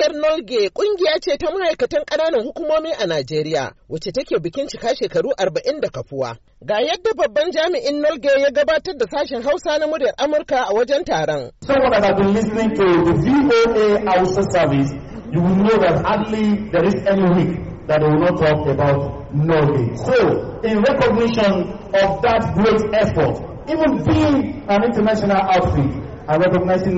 kungiyar Nolge kungiya ce ta ma'aikatan ƙananan hukumomi a Najeriya, wacce take bikin cika shekaru arba'in da kafuwa. Ga yadda babban jami'in Nolge ya gabatar da sashen Hausa na muryar Amurka a wajen taron. So what I have listening to the VOA Hausa service, you will know that hardly there is any week Nolge. So, in recognition of that great effort, even being an and recognizing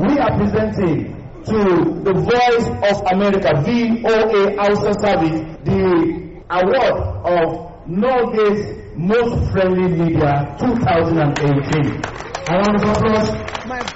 we are presenting to the Voice of America, VOA Hausa Service, the award of Norway's Most Friendly Media 2018. A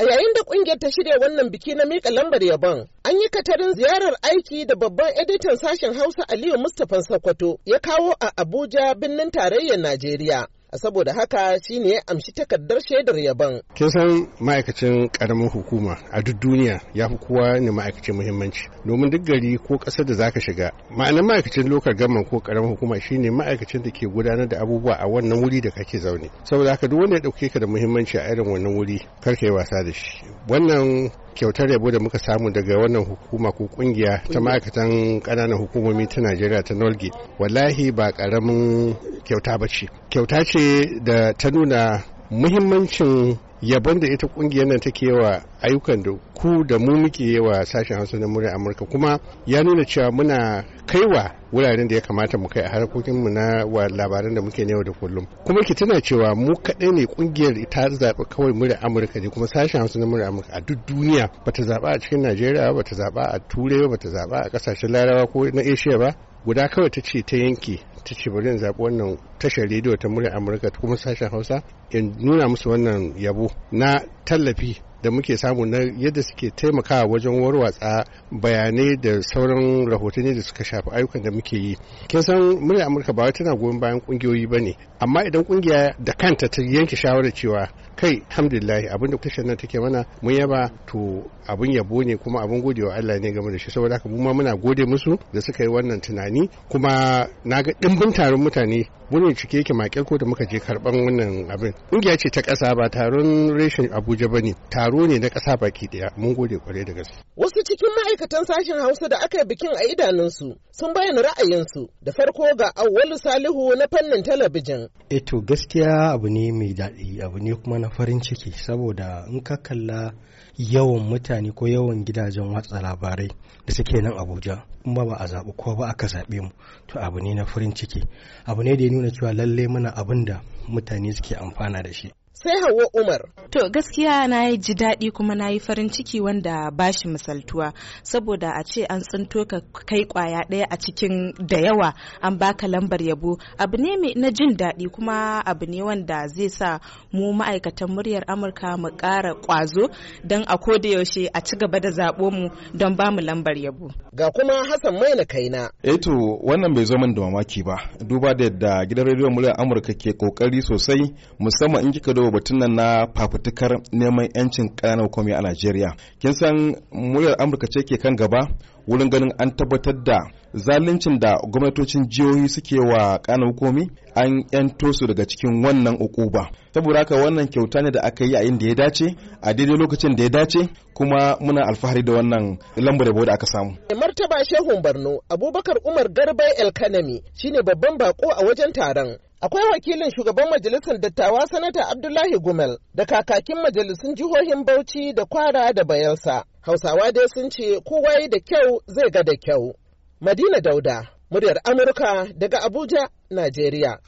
A yayin da kungiyar ta shirya wannan biki na mika lambar yabon, an yi katarin ziyarar aiki da babban editan sashen Hausa Aliyu Mustapha Sokoto ya kawo a Abuja birnin tarayyar Najeriya. saboda haka shi ya amshi takardar shaidar yaban. Kin san ma'aikacin karamin hukuma a duk duniya ya fi kowa ne ma'aikacin muhimmanci domin duk gari ko ƙasar da zaka shiga ma'anar ma'aikacin lokar gaman ko karamin hukuma shine ma'aikacin da ke gudanar da abubuwa a wannan wuri da kake zaune saboda haka duk wanda ya ɗauke ka da muhimmanci a irin wannan wuri kar ka yi wasa da shi wannan kyautar yabo da muka samu daga wannan hukuma ko kungiya ta ma'aikatan kananan hukumomi ta najeriya ta nolge wallahi ba karamin kyauta ba ce kyauta ce da ta nuna muhimmancin yabon da ita kungiyar nan take wa ayyukan da ku da mu muke yawa sashen hausa na murya amurka kuma ya nuna cewa muna kaiwa wuraren da ya kamata mu kai a mu na wa labaran da muke yau da kullum kuma ki tana cewa mu kaɗai ne kungiyar ta zaɓi kawai murya amurka ne kuma sashen hausa na murya amurka a duk duniya bata zaɓa a cikin najeriya ba ta zaɓa a turai ba ta zaɓa a ƙasashen larabawa ko na asia ba guda kawai ta ce ta yanke ta ce bari in zaɓi wannan tashar rediyo ta murya amurka kuma sashen hausa in nuna musu wannan yabo na tallafi da muke samu na yadda suke taimakawa wajen warwatsa bayanai da sauran rahotanni da suka shafi ayyukan da muke yi kin san murya amurka ba tana goyon bayan kungiyoyi ba ne amma idan kungiya da kanta ta yanke shawarar cewa kai alhamdulillah da tashar nan take mana mun yaba to abin yabo ne kuma abin godewa Allah ne game da shi saboda haka mu ma muna gode musu da suka yi wannan tunani kuma na ga dimbin taron mutane wurin cike yake makel ko da muka je karban wannan abin kungiya ce ta kasa ba taron reshen abuja ba taro ne na ƙasa baki daya mun gode kwarai da gaske wasu cikin ma'aikatan sashen hausa da aka yi bikin a idanunsu sun bayyana ra'ayinsu da farko ga awwalu salihu na fannin talabijin eto eh gaskiya abu ne mai daɗi abu ne kuma na farin ciki saboda in ka kalla yawan mutane ko yawan gidajen watsa labarai da suke nan abuja ma ba a zaɓi ko ba aka zaɓe mu to abu ne na farin ciki abu ne da ya nuna cewa lalle muna abin da mutane suke amfana da shi sai Hauwa Umar. To gaskiya na yi ji daɗi kuma na yi farin ciki wanda ba shi misaltuwa saboda a ce an tsinto ka kai kwaya ɗaya a cikin da yawa an baka lambar yabo abu ne na jin daɗi kuma abu ne wanda zai sa mu ma'aikatan muryar Amurka mu ƙara ƙwazo don a koda yaushe a ci gaba da zaɓo mu don ba mu lambar yabo. Ga kuma Hassan Maina kaina. Eh to wannan bai zo min da mamaki ba duba da yadda gidan rediyon muryar Amurka ke kokari sosai musamman in kika batunan batun nan na fafutukar neman yancin ƙananan hukumomi a Najeriya. Kin san muryar Amurka ce ke kan gaba wurin ganin an tabbatar da zaluncin da gwamnatocin jihohi suke wa ƙananan hukumomi an yanto su daga cikin wannan ukuba. Saboda haka wannan kyauta ne da aka yi a da ya dace a daidai lokacin da ya dace kuma muna alfahari da wannan lambar yabo da aka samu. Martaba Shehun Barno Abubakar Umar Garbai Elkanami shine babban bako a wajen taron Akwai wakilin shugaban majalisar dattawa sanata Abdullahi Gumel da kakakin majalisun jihohin Bauchi da Kwara da Bayelsa. Hausawa dai sun ce kowa da kyau zai ga da kyau. Madina Dauda, muryar Amurka daga Abuja, Najeriya.